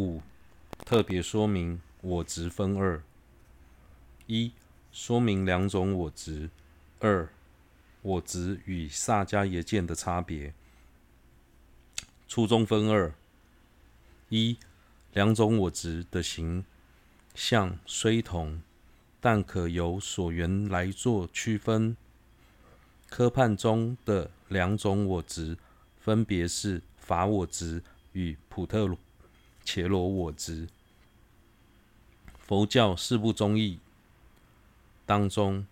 五、特別說明：我執分二。一、說明兩種我執。二、我執與薩迦耶見的差別。初中分二。一、兩種我執的行相雖同，但可由所緣來做區分。科判中的兩種我執，分別是法我執與補特伽羅。伽羅我執，佛教四部宗義當中，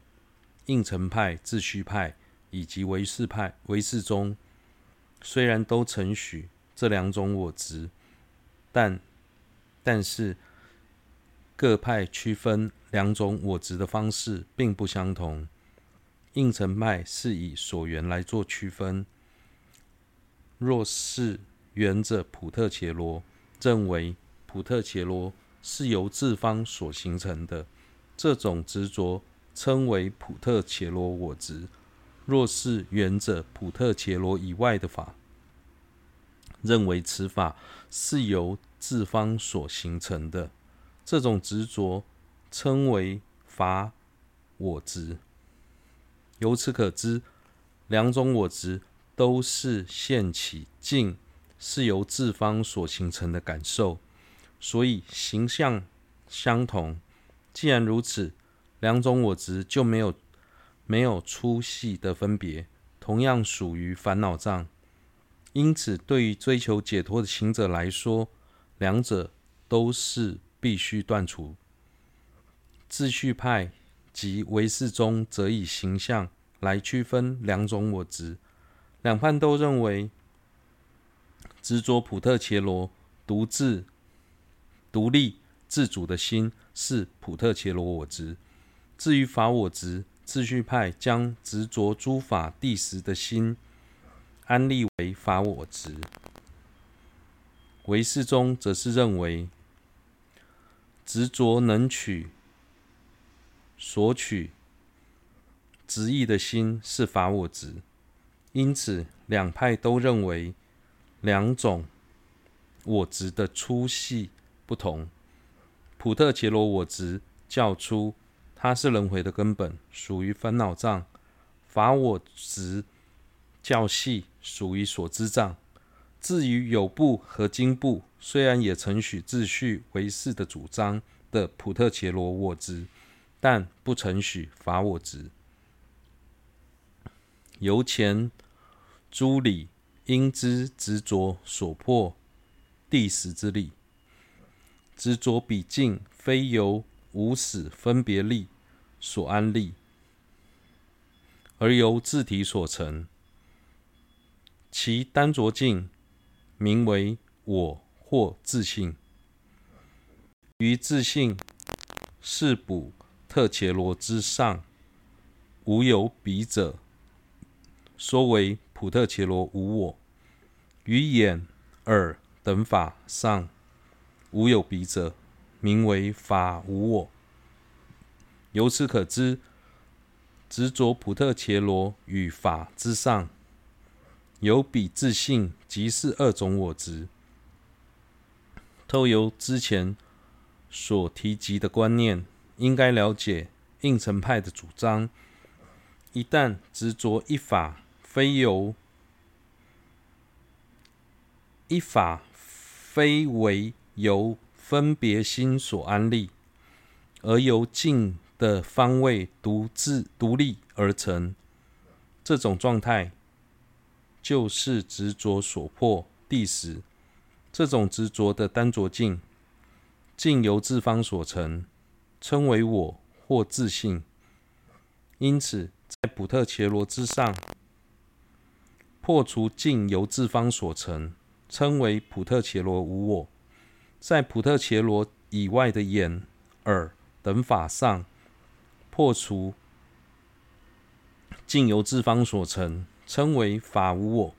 應成派、自續派以及唯識派、唯識宗，雖然都承許這兩種我執，但但是，各派區分兩種我執的方式並不相同。應成派是以所緣來做區分，若是緣著補特伽羅。認為補特伽羅是由自方所形成的，這種執着稱為補特伽羅我執。若是緣著補特伽羅以外的法，認為此法是由自方所形成的，這種執着稱為法我執。由此可知，兩種我執都是現起境。是由自方所形成的感受，所以行相相同。既然如此，兩種我執就沒有沒有粗細的分別，同樣屬於煩惱障。因此，對於追求解脫的行者來說，兩者都是必須斷除。自續派及唯識宗則以行相來區分兩種我執，兩派都認為。執着補特伽羅獨自、獨立自主的心是補特伽羅我執。至於法我執，自續派將執着諸法諦實的心安立為法我執。唯識宗則是認為執着能取、所取、質異的心是法我執。因此，兩派都認為。兩種我執的粗細不同，補特伽羅我執較粗，它是輪迴的根本，屬於煩惱障；法我執較細，屬於所知障。至於有部和經部，雖然也承許自續、唯識所主張的補特伽羅我執，但不承許法我執。由前諸理。因之執着所破諦實之理，執着彼境非由無始分別力所安立，而由自體所成。其耽著境名為我或自性，於差別事補特伽羅之上，無有彼者，說為。補特伽羅無我，於眼、耳等法上無有彼者，名為法無我。由此可知，執着補特伽羅與法之上有彼自性，即是二種我執。透由之前所提及的觀念，應該了解應成派的主張：一旦執着一法。非由一法非為由分別心所安立，而由靜的方位獨自獨立而成，這種狀態就是執着所迫，第十。這種執着的單着淨淨由自方所成，稱為我或自信。因此，在普特伽羅之上。破除境由自方所成，稱為補特伽羅無我。在補特伽羅以外的眼、耳等法上，破除境由自方所成，稱為法無我。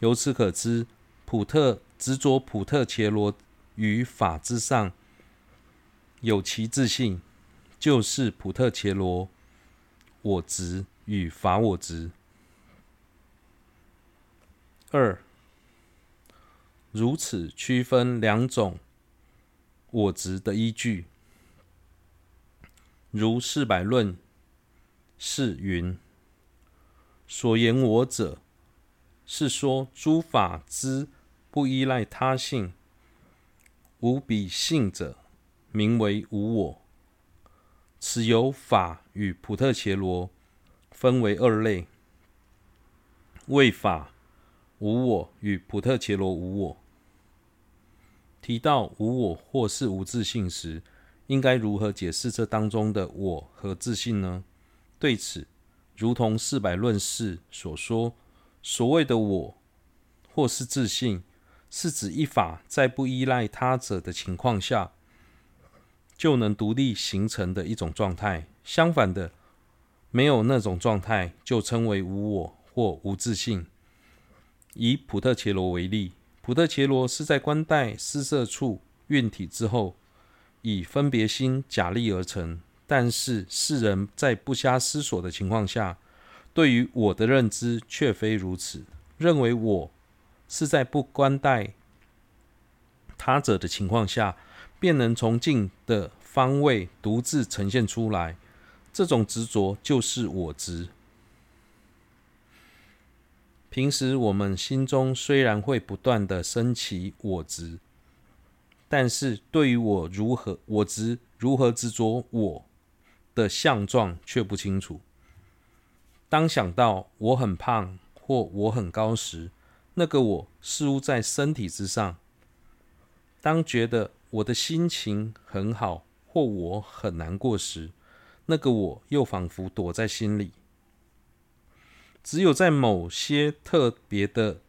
由此可知，補特執着補特伽羅與法之上有其自性，就是補特伽羅我執與法我執。二、，如此區分兩種我執的依據，如《四百論》釋》云：所言我者，是說諸法之不依賴他性，無彼性者，名為無我。此由法與補特伽羅分為二類，謂法。無我與補特伽羅無我。提到無我或是無自性時，應該如何解釋這當中的我和自性呢？對此，如同四百論釋所說，所謂的我或是自性，是指一法在不依賴他者的情況下，就能獨立形成的一種狀態。相反的，沒有那種狀態，就稱為無我或無自性。以補特伽羅為例，補特伽羅是在觀待施設處蘊體之後，以分別心假立而成。但是世人在不加思索的情況下，對於我的認知卻非如此，認為我是在不觀待他者的情況下，便能從境的方位獨自呈現出來。這種執着就是我執。平時我們心中雖然會不斷地生起我執，但是對於我如何我執如何執着我的相狀卻不清楚。當想到我很胖或我很高時，那個我似乎在身體之上；當覺得我的心情很好或我很難過時，那個我又仿佛躲在心裡。只有在某些特別的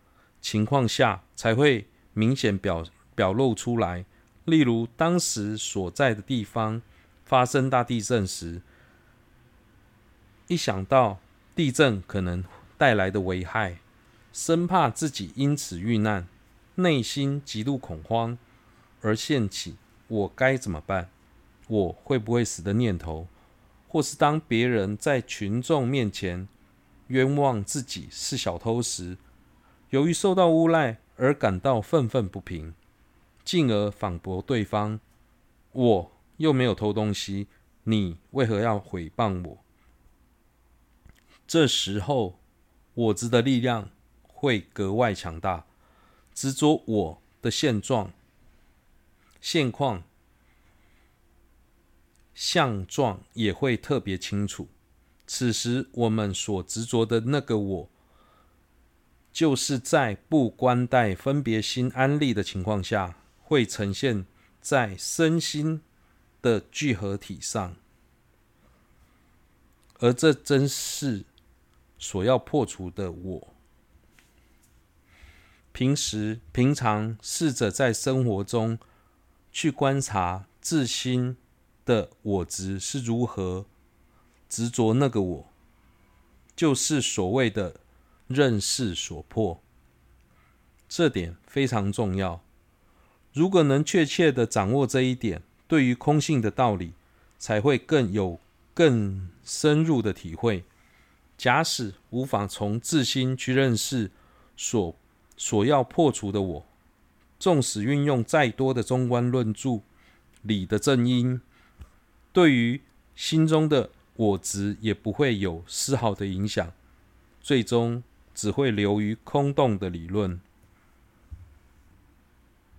情況下，才會明顯表表露出來。例如，當時所在的地方發生大地震時，一想到地震可能帶來的危害，生怕自己因此遇難，內心極度恐慌，而現起“我該怎麼辦？我會不會死”的念頭，或是當別人在群眾面前。冤枉自己是小偷時，由於受到誣賴而感到憤憤不平，進而反駁對方：“我又沒有偷東西，你為何要毀謗我？”這時候，我執的力量會格外強大，執着我的現狀、現況、相狀也會特別清楚。此時我們所執着的那個我，就是在不觀待分別心安立的情況下，會呈現在身心的聚合體上，而這正是所要破除的我。平時平常試着在生活中去觀察自心的我執是如何。執着那個我，就是所謂的認識所破。這點非常重要。如果能確切的掌握這一點，對於空性的道理才會更有更深入的體會。假使無法從自心去認識所所要破除的我，縱使運用再多的中觀論著裡的正因，對於心中的。我執也不會有絲毫的影響，最終只會流於空洞的理論。